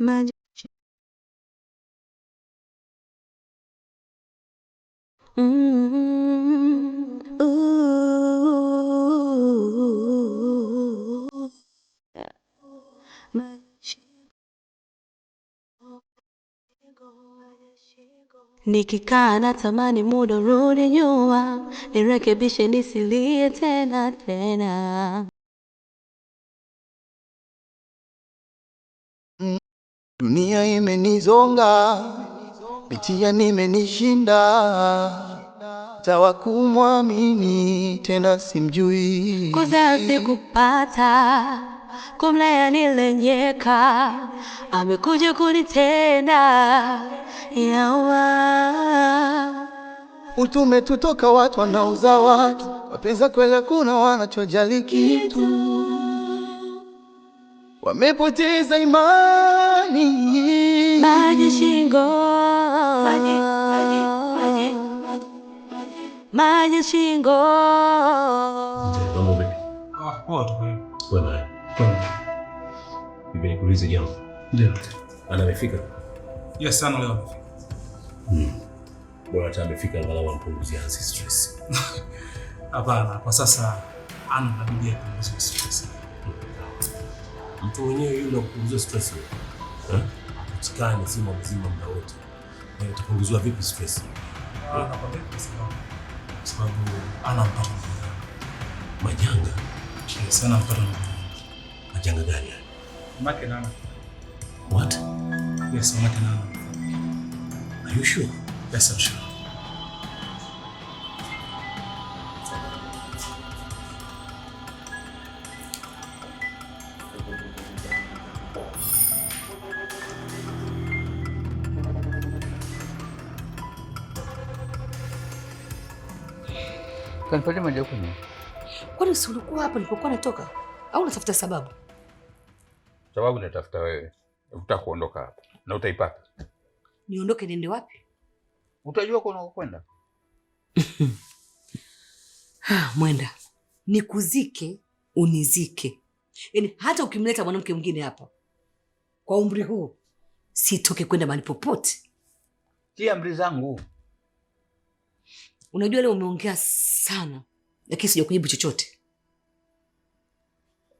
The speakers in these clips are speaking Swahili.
Maji Mm, ooh, yeah. muda rudi nyuma, nirekebishe nisilie tena tena. Dunia imenizonga, nimenishinda imenishinda, tawakumwamini tena simjui. Kosa sikupata, kumlayani lenyeka, amekuja kunitenda, yawa utume tutoka watu wanauza watu, wapenza kweli kuna wanachojali kitu wamepoteza imani. Maji shingo, maji, shingo. Ah, nikuulize jambo. Ana amefika? Yes, sana leo Mm. Bwana hata amefika angalau ampunguzie stress. Hapana, kwa sasa ana stress mtu mwenyewe yule akupunguza stress wewe. Eh? Apatikane zima mzima muda wote. Wewe eh, utapunguzwa vipi stress? Ah. Anakwambia kwa sababu anampata majanga. Yes, anampata majanga gani? Make nana. What? Yes, make nana. Are you sure? Yes, I'm sure. Kanipatia maji ya kunywa. Kwani si ulikuwa hapa nilipokuwa natoka au unatafuta sababu? Sababu natafuta wewe. Ukitaka kuondoka hapa na utaipata. Niondoke niende wapi? Utajua kuna kwenda. Ha, mwenda nikuzike unizike. Yaani hata ukimleta mwanamke mwingine hapa kwa umri huu sitoke kwenda mahali popote. Tia amri zangu. Unajua leo umeongea sana, lakini kujibu chochote.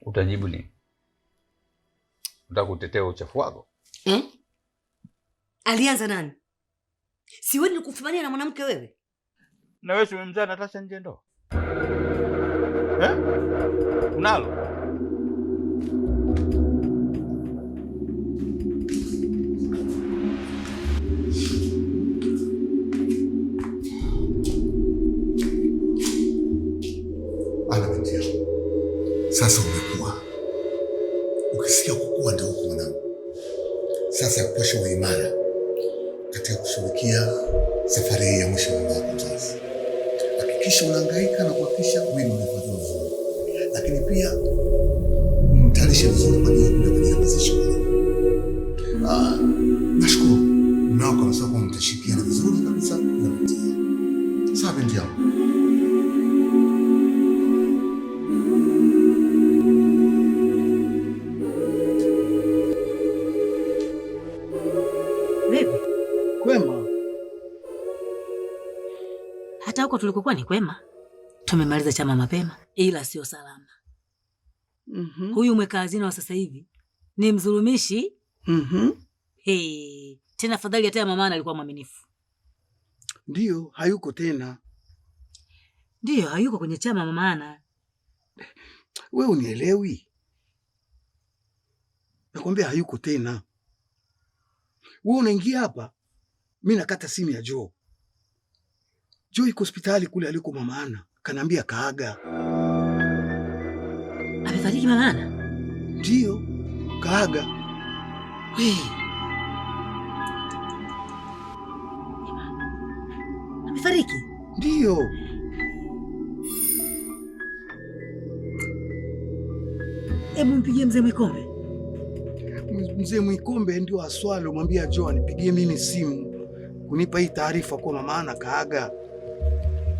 Utajibu nini? Unataka kutetea uchafu wako hmm? Alianza nani? Si wewe nilikufumania na mwanamke wewe? Na wewe umemzaa Natasha nje ndoa eh? Unalo Sasa umekuwa ukisikia kukua ndio huko mwanangu, sasa ya kutosha uimara katika kushughulikia safari hii ya mwisho wa kizazi. Hakikisha unahangaika na kuhakikisha mwili unahifadhiwa vizuri, lakini pia mtayarishe vizuri kwa ajili ya kuja kuzisha. Ah, nashukuru mnawako, mtashikiana vizuri kabisa. huko tulikokuwa ni kwema, tumemaliza chama mapema, ila sio salama. mm -hmm. Huyu mweka hazina wa sasa hivi ni mdhulumishi. mm -hmm. Hey, tena fadhali hata ya mama alikuwa mwaminifu, ndiyo hayuko tena, ndiyo hayuko kwenye chama mamaana. We unielewi, nakwambia hayuko tena. We unaingia hapa, mi nakata simu ya Joe Joy iko hospitali kule aliko mama Ana. Kanaambia kaaga. Amefariki mama Ana? Ndio, kaaga. Wee. Amefariki? Ndio. Hebu mpigie mzee Mwikombe. Mzee Mwikombe ndio aswali, umwambia Joy anipigie mimi simu kunipa hii taarifa kwa mama Ana kaaga.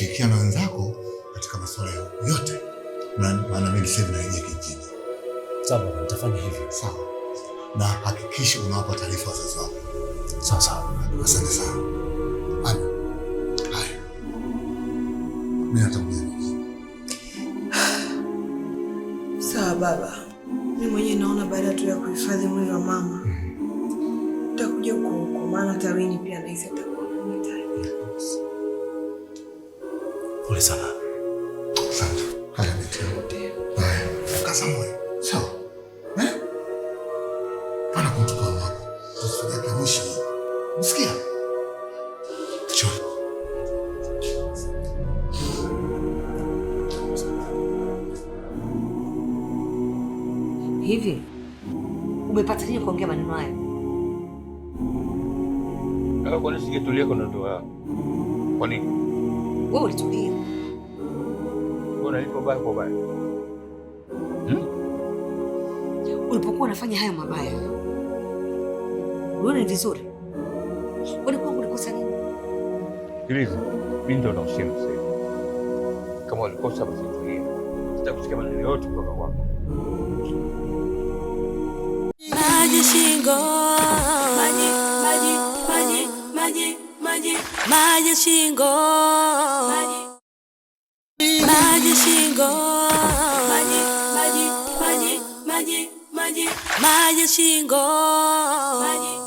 kushirikiana na wenzako katika masuala yote, maana mimi sasa yeye kijiji. Sawa, nitafanya hivyo. Sawa. Na hakikisha unawapa taarifa wazazi wako. Sawa sawa. Asante sana. Ana. Haya. Mimi natakuja. Sawa baba. Mimi mwenyewe naona baada tu ya kuhifadhi mwili wa mama. Mm Utakuja huko huko maana tawini pia naisa anaiza さ kufanya hayo mabaya. Uone vizuri walikuwa ulikosa nini? Sikiliza, mimi ndo nahusia msema, kama walikosa basi tulie, sitakusikia maneno yote kutoka kwako. Maji shingo, maji, maji, maji, maji, maji, maji shingo, maji kwenye shingo maji,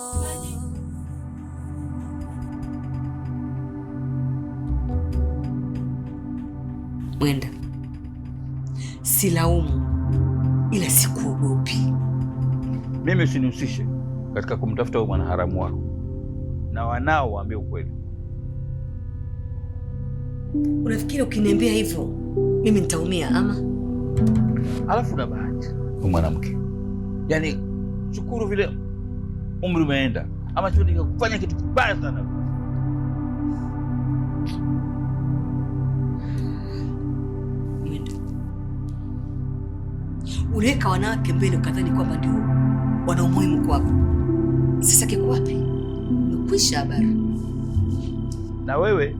Mwenda, silaumu ila sikuogopi mimi. Usinihusishe katika kumtafuta huyo mwanaharamu wako na wanao, waambie ukweli. Unafikiri ukiniambia hivyo mimi nitaumia ama? Alafu na bahati mwanamke, yaani shukuru vile umri umeenda, ama kufanya kitu kibaya sana. Unaweka wanawake mbele ukadhani kwamba ndio wana umuhimu kwako. Sasa kiko wapi? Umekwisha habari. Na wewe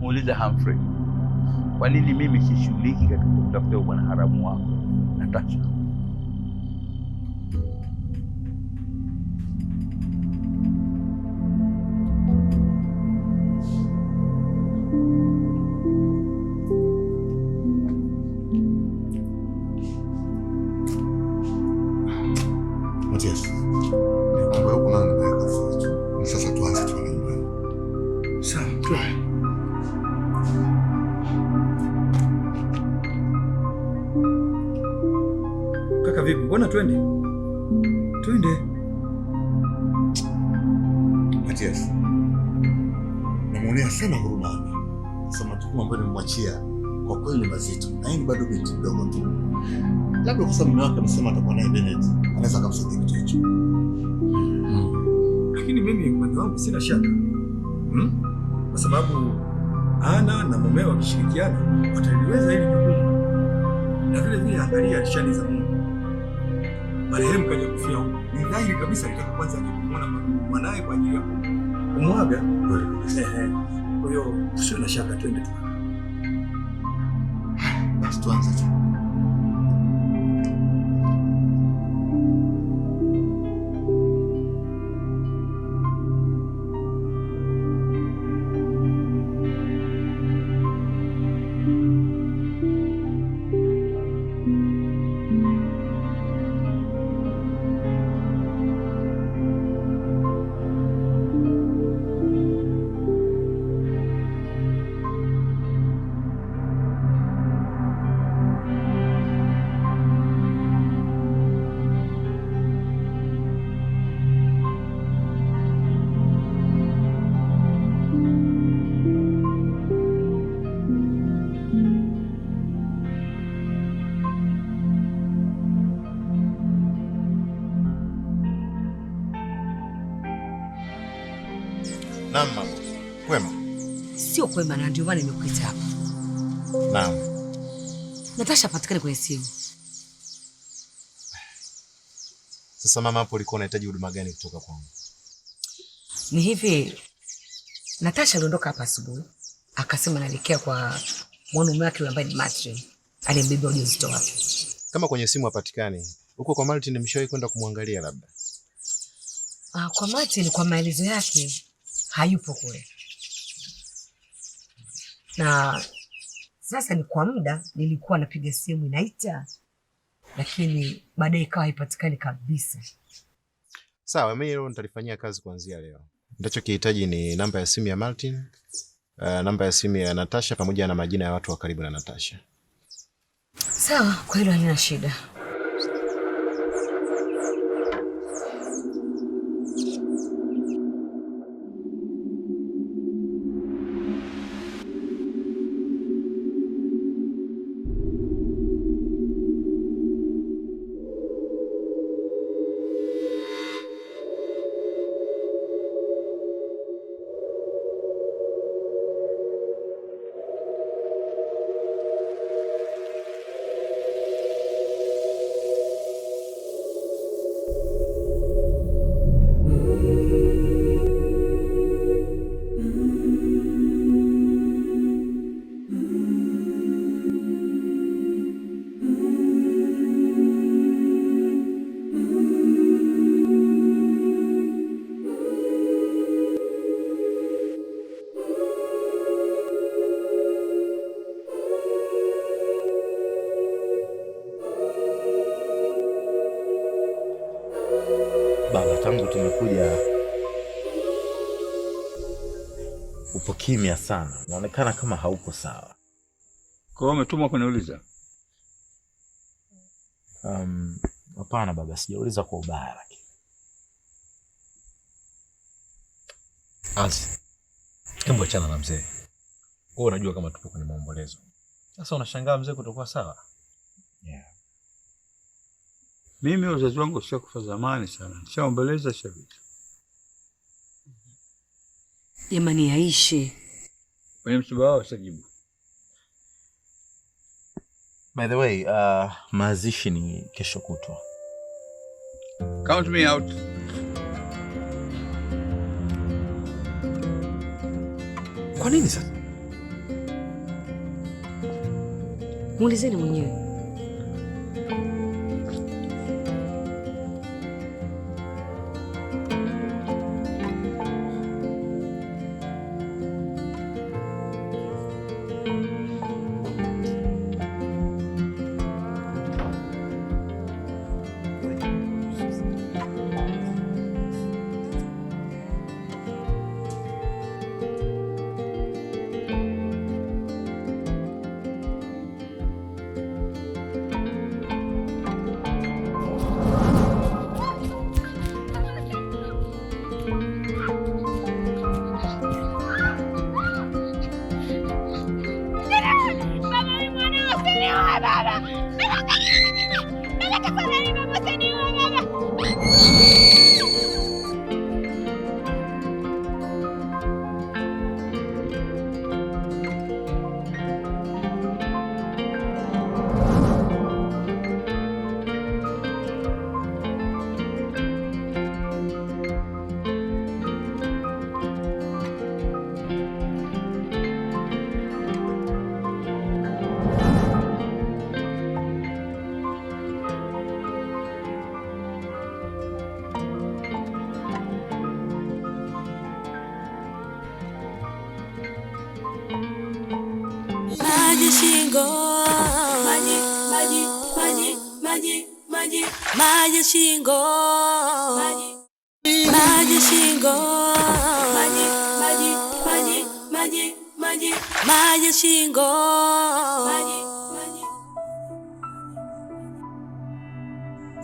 muuliza Humphrey, kwa nini mimi sishughuliki katika kutafuta bwana haramu wako Natasha? kitu kidogo tu, labda kwa sababu mume wake amesema atakuwa naye Bennett, anaweza akamsaidia kitu hicho. Hmm. Lakini mimi upande wangu sina shaka hmm? kwa sababu ana na mume wake wakishirikiana wataliweza hili jukumu, na vile vile angalia nishani za Mungu. Marehemu kaja kufia huko, ni dhahiri kabisa nitaka kwanza kumwona mwanaye kwa ajili ya kumwaga. Kwa hiyo usio na shaka, twende tu. 去。kwema, na ndio maana nimekuita hapa. Naam. Natasha patikane kwenye simu. Sasa mama, hapo ulikuwa unahitaji huduma gani kutoka kwangu? Ni hivi, Natasha aliondoka hapa asubuhi akasema naelekea kwa mwanaume wake ambaye ni Martin aliyembeba ujauzito wake. Kama kwenye simu hapatikani, huko kwa Martin nimeshawahi kwenda kumwangalia labda. Ah, kwa Martin kwa maelezo yake hayupo kule na sasa ni kwa muda nilikuwa napiga simu inaita, lakini baadaye ikawa haipatikani kabisa. Sawa, mimi hilo nitalifanyia kazi kuanzia leo. Nitachokihitaji ni namba ya simu ya Martin, uh, namba ya simu ya Natasha pamoja na majina ya watu wa karibu na Natasha. Sawa, kwa hilo halina shida. kimya sana, unaonekana kama hauko sawa. Kwa hiyo umetumwa kuniuliza? Um, hapana baba, sijauliza kwa ubaya, lakini Azi, hebu achana na mzee. Wewe unajua kama tupo kwenye maombolezo sasa, unashangaa mzee kutokuwa sawa yeah. Mimi wazazi wangu washakufa zamani sana, nishaombeleza shabiki Jamani, yaishi kwenye msiba wao sajibu. By the way, uh, mazishi ni kesho kutwa. Count me out. Kwa nini sasa? Muulizeni mwenyewe. maji shingo, maji shingo, maji shingo,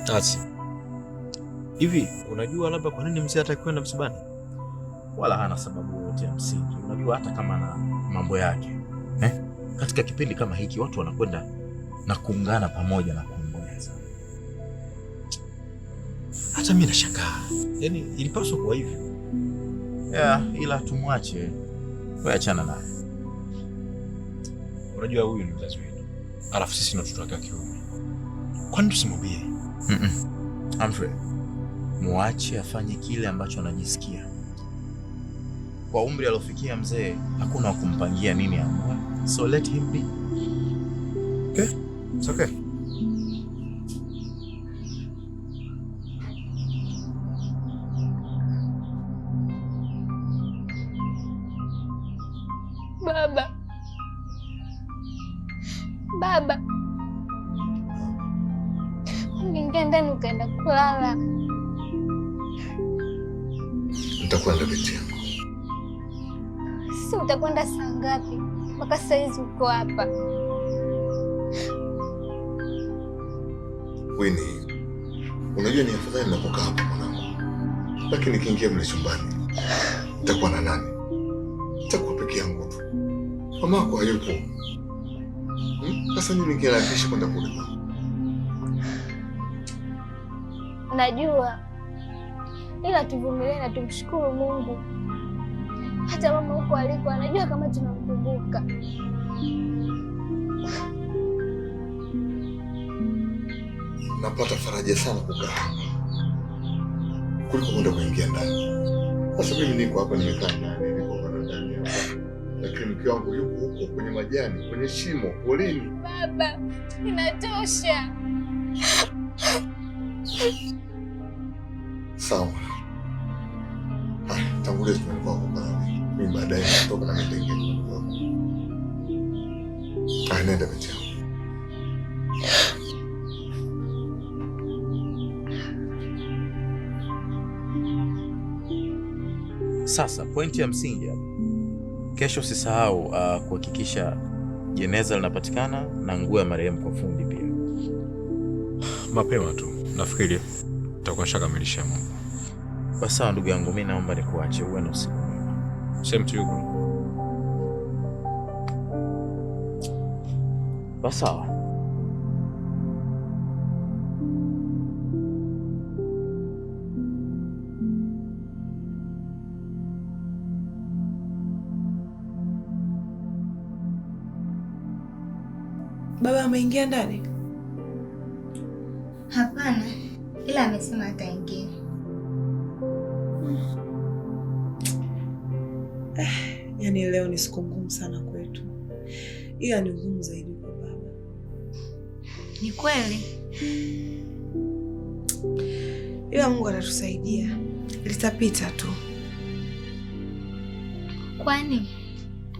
Tati. Hivi unajua labda kwa nini mzee hataki kwenda msibani? Wala hana sababu yote ya msingi. Unajua hata kama na mambo yake eh? Katika kipindi kama hiki watu wanakwenda na kuungana pamoja na Hata mimi nashangaa, yaani ilipaswa kuwa hivyo. Yeah, ila tumwache, wewe achana naye. Unajua huyu ni mzazi wetu, alafu sisi ni watoto wake wa kiume, kwani tusimwambie? mm -mm. Humphrey, muache afanye kile ambacho anajisikia. Kwa umri aliofikia mzee, hakuna wa kumpangia nini amua, so let him be. Okay. Eh? It's okay. Wini, unajua ni afadhali ninapokaa hapa mwanangu, lakini kiingia mle chumbani nitakuwa na nani? Nitakuwa peke yangu tu, mamako hayupo. Hmm? Sasa Mimi kinaharakisha kwenda kule? Najua, ila tuvumilie na tumshukuru Mungu. Hata mama huko aliko anajua kama tunamkumbuka. napata faraja sana kukaa kuliko kwenda kuingia ndani. Sasa mimi niko hapa nimekaa ndani, niko hapa ndani hapa, lakini mke wangu yuko huko kwenye majani, kwenye shimo, polini. Baba, inatosha. Sawa. Ah, tangulia tu kwa kwa mimi baadaye natoka na mtenge. Ah, nenda beti. Sasa pointi ya msingi hapa, kesho usisahau uh, kuhakikisha jeneza linapatikana na nguo ya marehemu kwa fundi pia. Mapema tu nafikiri tutakuwa shakamilisha Mungu. Kwa sawa, ndugu yangu, mi naomba nikuache, uwe na usiku mwema. Same to you Kwa sawa. ameingia ndani? Hapana, ila amesema ataingia. Hmm. Eh, yaani leo ni siku ngumu sana kwetu, ila ni ngumu zaidi kwa baba. Ni kweli, ila Mungu atatusaidia, litapita tu. Kwani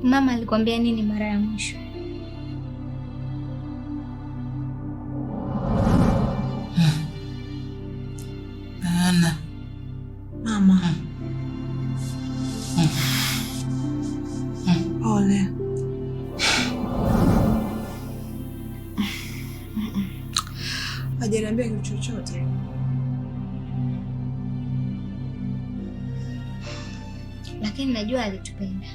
mama alikwambia nini mara ya mwisho? chochote. Lakini najua alitupenda.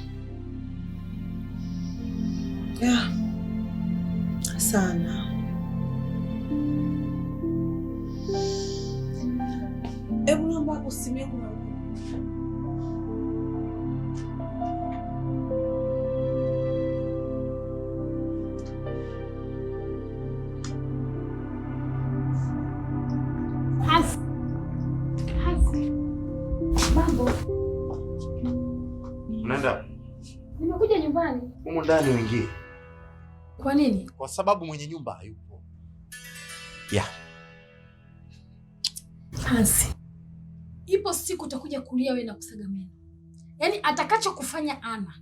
Humu ndani uingie. Kwa nini? Kwa sababu mwenye nyumba hayupo. Yeah. Hansi. Ipo siku utakuja kulia wewe na kusaga meno. Yaani atakachokufanya Ana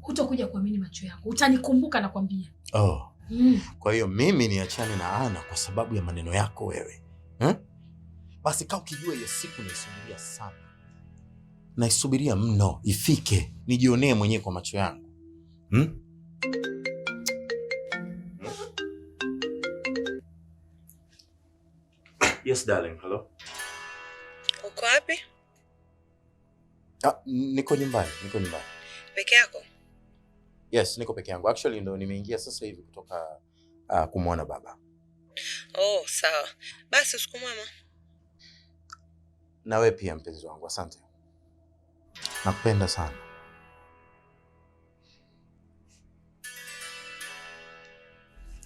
hutakuja kuamini macho yako. Utanikumbuka nakwambia. Oh. Mm. Kwa hiyo mimi niachane na Ana kwa sababu ya maneno yako wewe. Hmm? Basi kaa ukijua hiyo siku naisubiria sana. Naisubiria mno ifike, nijionee mwenyewe kwa macho yangu. Hmm? Yes, darling. Hello. Uko wapi? Ah, niko nyumbani, niko nyumbani. Peke yako? Yes, niko peke yangu. Actually ndo nimeingia sasa hivi kutoka uh, ah, kumwona baba. Oh, sawa. Basi usiku mwema. Na wewe pia mpenzi wangu. Asante. Nakupenda sana.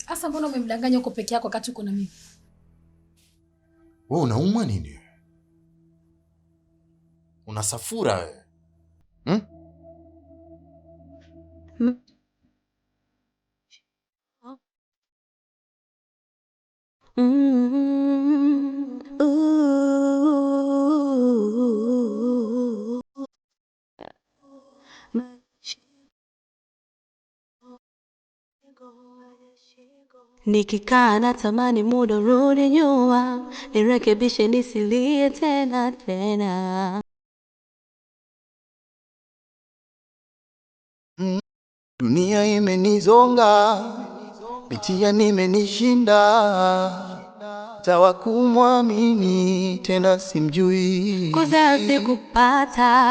Asa, mbona umemdanganya uko peke yako wakati uko na mimi? Wewe unaumwa nini? Una safura wewe. Hmm? Hmm. Hmm. Nikikaa tamani muda rudi nyuma, nirekebishe nisilie tena tena. Hmm. Dunia imenizonga, mitihani imenishinda, tawa kumwamini tena simjui kuzazi kupata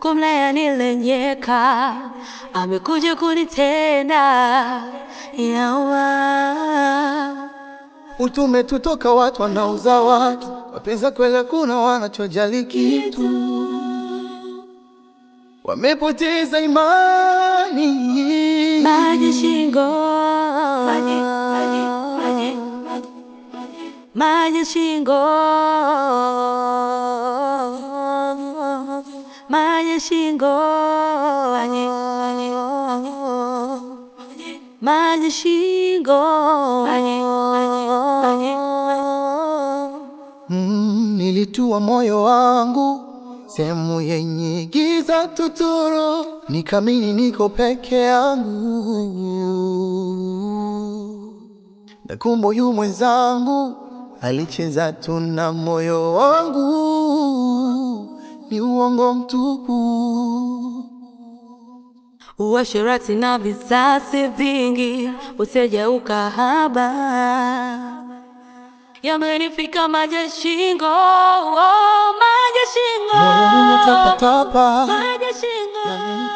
kumla mlaya nilenyeka, amekuja kunitenda yawa. Utume tutoka watu wanauza watu, wapenza kwela kuna wanachojali kitu, wamepoteza imani maji shingo maji, maji, maji, maji, maji shingo shingo maji shingo nilitua moyo wangu sehemu yenye giza tuturu, nikamini niko peke yangu, na yu mwenzangu alicheza tuna moyo wangu ni uongo mtupu. Uasherati na vizazi vingi, usije ukahaba, yamenifika maji shingo, oh, maji shingo, maji shingo